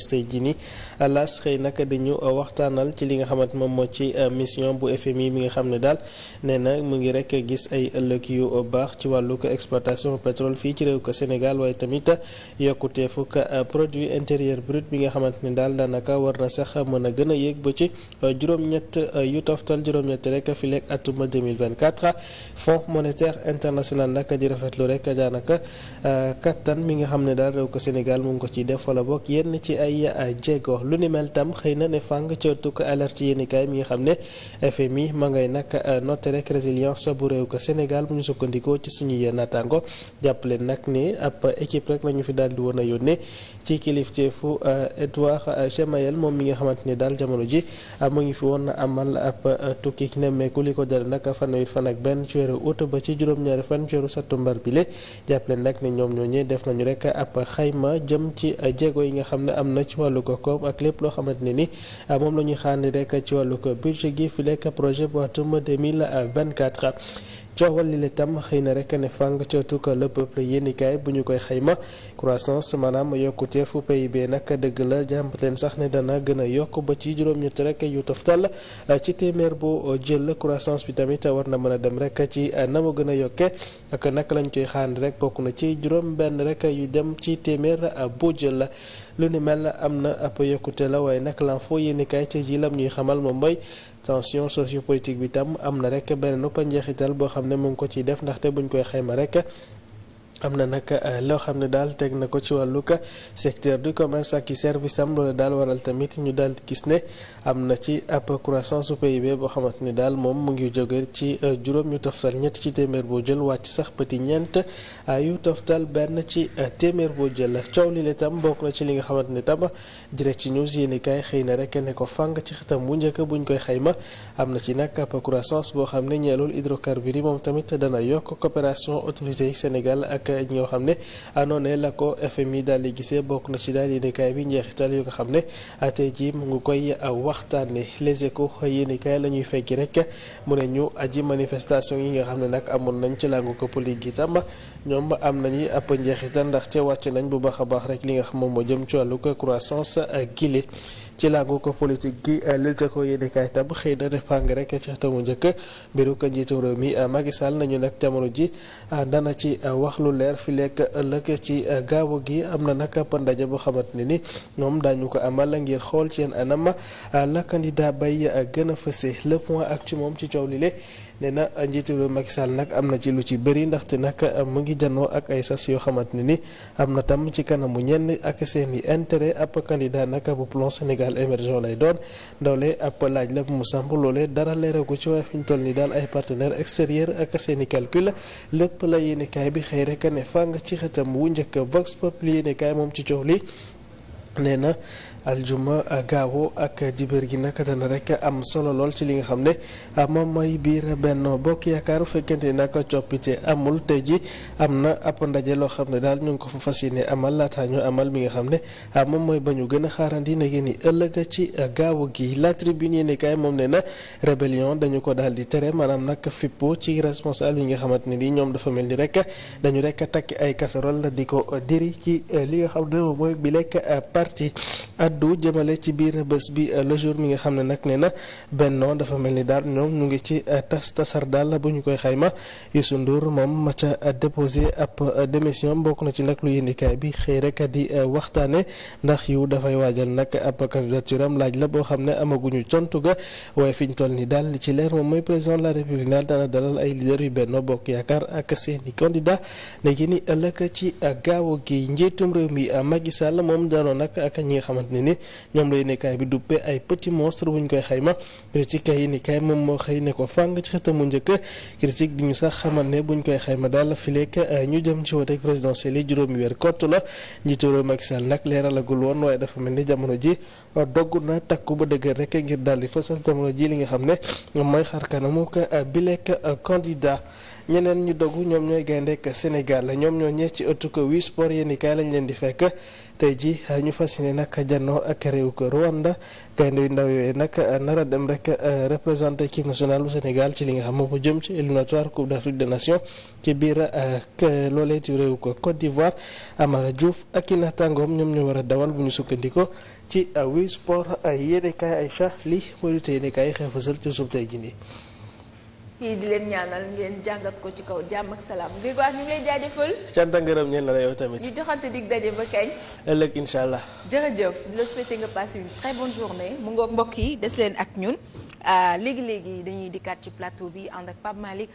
tey jii ni las xëy nag dañu waxtaanal ci li nga xamante moom moo ci euh, mission bu FMI mi nga xam ne daal nee na mu ngi rek gis ay ëllëg yu baax ci wàllu exploitation pétrole fii ci réew ko Sénégal waaye tamit yokkutee fukk euh, produit intérieur brut bi nga xamante ne daal daanaka war na sax mën a gën a yéeg ba ci euh, juróom-ñett yu toftal juróom-ñett rek fi leeg atuma 2024 Fonds monétaire international nag di rafetlu rek daanaka kattan mi nga xam ne daal réew ko ay jéego lu ni mel tam xëy na ne fang cee tukk alerte yéenekaay mi nga xam ne FMI ma ngay nag euh, noté rek résilience bu réew ko Sénégal bu ñu sukkandikoo ci suñu suñuy naataango jàppale nag ni ab équipe rek la ñu fi daal di woon a yónnee ci kilifteefu Edouard euh, Chemayel moom mi nga xamante ni daal jamono ji euh, mu ngi fi woon na amal ab tukki nemmeeku li ko dale nag fanweeri fan ak benn ci weeru ba ci juróom-ñaari fan ci weeru sattumbar bile jàppale nag ni ñoom ñooñee def nañu rek ab xayma jëm ci jéego yi nga xam na ci wàllu ko koom ak lépp loo xamante ne ni ah, moom la ñuy xaarandi rek ci wàllu ko budget gi fi lekk projet bu atum 2024 coowal li la tam xëy na rek ne fang cootu ko le peuple yéenikaay bu ñu koy xayma croissance maanaam yokkute fu bee nag dëgg la jàmb leen sax ne dana gën a yokk ba ci juróom-ñett rek yu toftal ah, ci téeméer bu jël croissance bi tamit war na mën a dem rek ci ah, na mu gën a yokkee ak naka lañ koy xaarandi rek bokk na ci juróom benn rek yu dem ci téeméer bu jël lu ni mel am na ab yokkute la waaye nag l'info yéeni kaay te ji lam ñuy xamal moom mooy tension sociopolitique bi tam am na rek beneen nuppa njeexital boo xam ne mu ngi ko ciy def ndaxte buñ koy xayma rek am na nag euh, loo xam ne daal teg na ko ci wàllug secteur du commerce ak i service am loolu daal waral tamit ñu daal gis ne am na ci ab croissance su boo xamante ne daal moom mu ngi jóge ci euh, juróom yu toftal ñett ci téeméer boo jël wàcc sax petit ñeent euh, yu toftal benn ci téeméer boo jël coow li la tam bokk na ci li nga xamante ni tam direct news yéen kaay xëy na rek ne ko fang ci xëtam bu njëkk buñ koy xayma am na ci nag ab croissance boo xam ne ñeelul hydrocarbures yi moom tamit dana yokk coopération autorité yi Sénégal ak. ñoo xam ne noonee la ko FMI daal di gisee bokk na ci daal yéenekaay bi njeexital yu nga xam ne tey jii mu ngi koy waxtaanee les échos yéenekaay la ñuy fekki rek mu ne ñu aji manifestation yi nga xam ne nag amoon nañ ci làngu ko politique yi tam ñoom am nañu ab njeexital ndaxte wàcc nañ bu baax a baax rek li nga xam moom moo jëm ci wàllu croissance gile ci làngu ko politique gi li nga ko yéene kaay tam xëy na def pàng rek ci tamu njëkk mbiru ko njiitu réew mi euh, Macky Sall nañu nag jamono ji euh, dana ci euh, wax lu leer fi lekk ëllëg ci gaawu gi am na nag ab ndaje boo xamante ne ni ñoom daañu ko amal ngir xool seen anam la candidat bay gën a fësee le point ak ci moom ci coow lile nee na njiitu réew Macky Sall nag am na ci lu ci bëri ndaxte nag mu ngi janoo ak ay sas yoo xamante ne ni am na tam ci kanamu ñenn ak seeni i intérêt ab candidat nag bu plan Sénégal émergent lay doon doole ab laaj la bu mu samp loolee dara leeragu ci waaye fi toll nii daal ay partenaires extérieurs ak seen i calcul lépp la yéenekaay bi xëy rek ne fàng ci xëtam wu njëkk Vox Populi yéenekaay moom ci coow li nee na aljuma gaawo ak jibéer gi nag dana rek am solo lool ci li nga xam ne moom mooy biir Benno Bokk Yaakaar fekkente ni nag coppite amul te ji am na ab ndaje loo xam ne daal ñu ngi ko fa fas yéene amal laata mi nga xam ne moom mooy ba ñu gën a xaarandi na ngeen ni ëllëg ci gaaw gi la tribune yéene kaay moom nee na rébellion dañu ko daal di tere maanaam nag fippu ci responsable yi nga xamante ne ni ñoom dafa mel ni rek dañu rek takk ay casserole di ko diri ci li nga xam ne moom bi lekk parti addu jëmale ci biir bés bi euh, le jour mi nga xam ne nag ne na bennoo dafa mel ni daal ñoom mu ngi ci euh, tas tasar daal bu ñu koy xayma Youssou Ndour moom ma ca euh, déposé ab démission na ci nag lu yëndikaay bi xëy rek di waxtaane ndax yu dafay waajal nag ab candidature laaj la boo xam ne amaguñu tontu ga waaye fi ñu toll ni daal li ci leer moom mooy président la république daal dana dalal ay leader yu bennoo bokk yaakaar ak seeni candidat léegi ni ëllëg nag ak ñi nga xamante ne ni ñoom la yéenekaay bi duppe ay petit monstre ñu koy xayma critique kay yéenekaay moom moo xëy ne ko fàng ci xëtam mu njëkk critique di ñu sax xamal ne buñ koy xayma daal fileek euh, ñu jëm ci woteek présidentielle yi juróomi weer kott la njiitu réew Macky Sall nag leeralagul woon waaye dafa mel ni jamono ji dogg na takku ba dëgg rek ngir daal di fësal jamono ji li nga xam ne mooy xar kanamu ko euh, bilekk euh, candidat ñeneen ñu dogg ñoom ñooy gayndeek Sénégal ñoom ñoo ñee ci ëttu ko wii sport yéen i lañ leen di fekk te ji euh, ñu fas yéene nag jannoo ak réew ko Rwanda gaynde yu ndaw yooyu nag nara dem rek représenté équipe nationale bu Sénégal ci li nga xam moo ko jëm ci éliminatoire Coupe d'Afrique des Nations ci biir loolee ci réew ko Côte d'Ivoire Amara Diouf ak i naataangoom ñoom ñoo war a dawal bu ñu sukkandikoo ci wi sport ay yéenekaay ay sax li mooy lutte yéenekaay yi xëy fësal ci sum tey jii kii di leen ñaanal ngeen jàngat ko ci kaw jàmm ak salaam Grégoire ñu ngi lay jaajëfal. cant ak ñeen la yow tamit. ñu doxante dig daje ba kañ. ëllëg incha allah. jërëjëf di la souhaiter nga passer une très bonne journée mu ngoog mbokk yi des leen ak ñun ah, léegi léegi dañuy dikkaat ci plateau bi ànd ak Pape Malick.